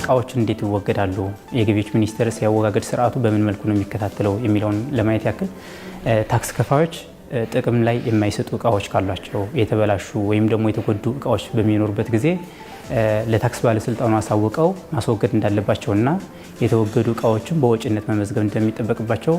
እቃዎች እንዴት ይወገዳሉ፣ የገቢዎች ሚኒስቴር ሲያወጋገድ ስርዓቱ በምን መልኩ ነው የሚከታተለው የሚለውን ለማየት ያክል ታክስ ከፋዮች ጥቅም ላይ የማይሰጡ እቃዎች ካሏቸው የተበላሹ ወይም ደግሞ የተጎዱ እቃዎች በሚኖሩበት ጊዜ ለታክስ ባለስልጣኑ አሳውቀው ማስወገድ እንዳለባቸው እና የተወገዱ እቃዎችን በወጪነት መመዝገብ እንደሚጠበቅባቸው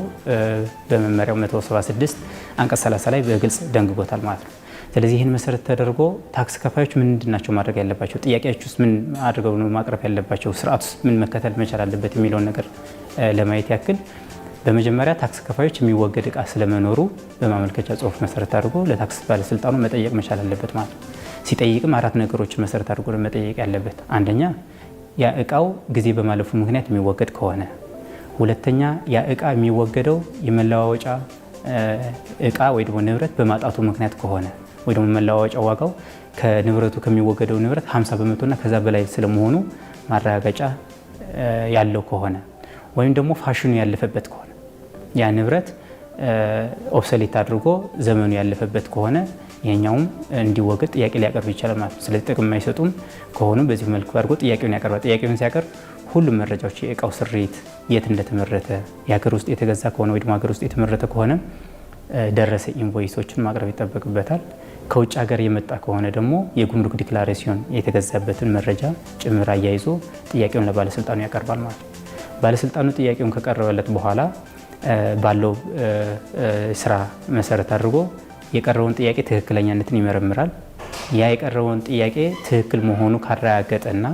በመመሪያው 176 አንቀጽ 30 ላይ በግልጽ ደንግጎታል ማለት ነው። ስለዚህ ይህን መሰረት ተደርጎ ታክስ ከፋዮች ምንድን ናቸው ማድረግ ያለባቸው፣ ጥያቄዎች ውስጥ ምን አድርገው ነው ማቅረብ ያለባቸው፣ ስርዓት ውስጥ ምን መከተል መቻል አለበት የሚለውን ነገር ለማየት ያክል በመጀመሪያ ታክስ ከፋዮች የሚወገድ እቃ ስለመኖሩ በማመልከቻ ጽሁፍ መሰረት አድርጎ ለታክስ ባለስልጣኑ መጠየቅ መቻል አለበት ማለት ነው። ሲጠይቅም አራት ነገሮችን መሰረት አድርጎ መጠየቅ ያለበት፣ አንደኛ ያ እቃው ጊዜ በማለፉ ምክንያት የሚወገድ ከሆነ፣ ሁለተኛ ያ እቃ የሚወገደው የመለዋወጫ እቃ ወይ ደግሞ ንብረት በማጣቱ ምክንያት ከሆነ ወይ ደግሞ መለዋወጫ ዋጋው ከንብረቱ ከሚወገደው ንብረት 50 በመቶና ከዛ በላይ ስለመሆኑ ማረጋገጫ ያለው ከሆነ ወይም ደግሞ ፋሽኑ ያለፈበት ከሆነ ያ ንብረት ኦብሶሌት አድርጎ ዘመኑ ያለፈበት ከሆነ ይሄኛውም እንዲወገድ ጥያቄ ሊያቀርብ ይችላል ማለት ነው። ስለዚህ ጥቅም አይሰጡም ከሆኑ በዚህ መልኩ አድርጎ ጥያቄውን ያቀርባል። ጥያቄውን ሲያቀርብ ሁሉም መረጃዎች የእቃው ስሪት፣ የት እንደተመረተ፣ የሀገር ውስጥ የተገዛ ከሆነ ወይ ደግሞ ሀገር ውስጥ የተመረተ ከሆነ ደረሰ ኢንቮይሶችን ማቅረብ ይጠበቅበታል። ከውጭ ሀገር የመጣ ከሆነ ደግሞ የጉምሩክ ዲክላሬሽን የተገዛበትን መረጃ ጭምር አያይዞ ጥያቄውን ለባለስልጣኑ ያቀርባል ማለት ነው። ባለስልጣኑ ጥያቄውን ከቀረበለት በኋላ ባለው ስራ መሰረት አድርጎ የቀረበውን ጥያቄ ትክክለኛነትን ይመረምራል። ያ የቀረበውን ጥያቄ ትክክል መሆኑ ካረጋገጠና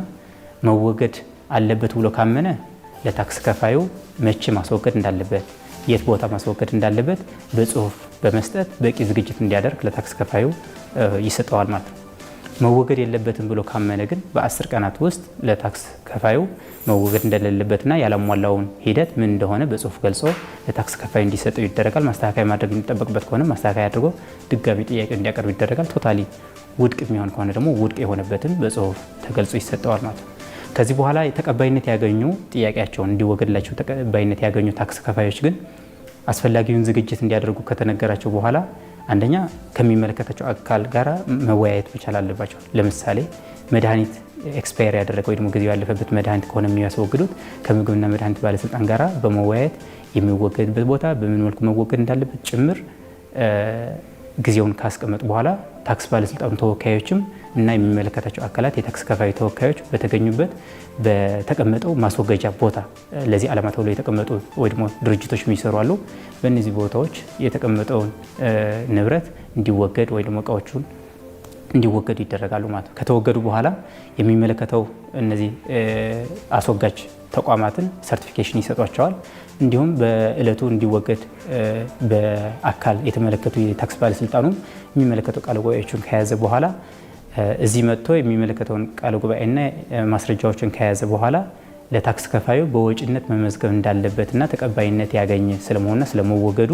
መወገድ አለበት ብሎ ካመነ ለታክስ ከፋዩ መቼ ማስወገድ እንዳለበት የት ቦታ ማስወገድ እንዳለበት በጽሁፍ በመስጠት በቂ ዝግጅት እንዲያደርግ ለታክስ ከፋዩ ይሰጠዋል ማለት ነው። መወገድ የለበትም ብሎ ካመነ ግን በአስር ቀናት ውስጥ ለታክስ ከፋዩ መወገድ እንደሌለበትና ያላሟላውን ሂደት ምን እንደሆነ በጽሁፍ ገልጾ ለታክስ ከፋዩ እንዲሰጠው ይደረጋል። ማስተካከያ ማድረግ የሚጠበቅበት ከሆነ ማስተካከያ አድርጎ ድጋሚ ጥያቄው እንዲያቀርብ ይደረጋል። ቶታሊ ውድቅ የሚሆን ከሆነ ደግሞ ውድቅ የሆነበትን በጽሁፍ ተገልጾ ይሰጠዋል ማለት ነው። ከዚህ በኋላ ተቀባይነት ያገኙ ጥያቄያቸውን እንዲወገድላቸው ተቀባይነት ያገኙ ታክስ ከፋዮች ግን አስፈላጊውን ዝግጅት እንዲያደርጉ ከተነገራቸው በኋላ አንደኛ ከሚመለከታቸው አካል ጋር መወያየት መቻል አለባቸው። ለምሳሌ መድኃኒት ኤክስፓየር ያደረገ ወይ ደግሞ ጊዜው ያለፈበት መድኃኒት ከሆነ የሚያስወግዱት ከምግብና መድኃኒት ባለስልጣን ጋር በመወያየት የሚወገድበት ቦታ በምን መልኩ መወገድ እንዳለበት ጭምር ጊዜውን ካስቀመጡ በኋላ ታክስ ባለስልጣኑ ተወካዮችም እና የሚመለከታቸው አካላት የታክስ ከፋይ ተወካዮች በተገኙበት በተቀመጠው ማስወገጃ ቦታ ለዚህ ዓላማ ተብሎ የተቀመጡ ወይ ደግሞ ድርጅቶች የሚሰሩ አሉ። በእነዚህ ቦታዎች የተቀመጠውን ንብረት እንዲወገድ ወይ ደግሞ እቃዎቹን እንዲወገዱ ይደረጋሉ ማለት ነው። ከተወገዱ በኋላ የሚመለከተው እነዚህ አስወጋጅ ተቋማትን ሰርቲፊኬሽን ይሰጧቸዋል። እንዲሁም በእለቱ እንዲወገድ በአካል የተመለከቱ የታክስ ባለስልጣኑ የሚመለከተው ቃለ ጉባኤዎችን ከያዘ በኋላ እዚህ መጥቶ የሚመለከተውን ቃለ ጉባኤና ማስረጃዎችን ከያዘ በኋላ ለታክስ ከፋዩ በወጪነት መመዝገብ እንዳለበትና ተቀባይነት ያገኘ ስለመሆኑና ስለመወገዱ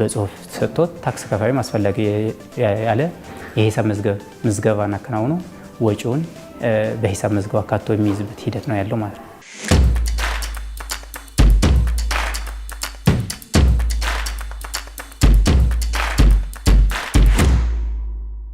በጽሁፍ ሰጥቶት ታክስ ከፋዩ አስፈላጊ ያለ የሂሳብ መዝገብ ምዝገባን አከናውኖ ወጪውን በሂሳብ መዝገብ አካቶ የሚይዝበት ሂደት ነው ያለው ማለት ነው።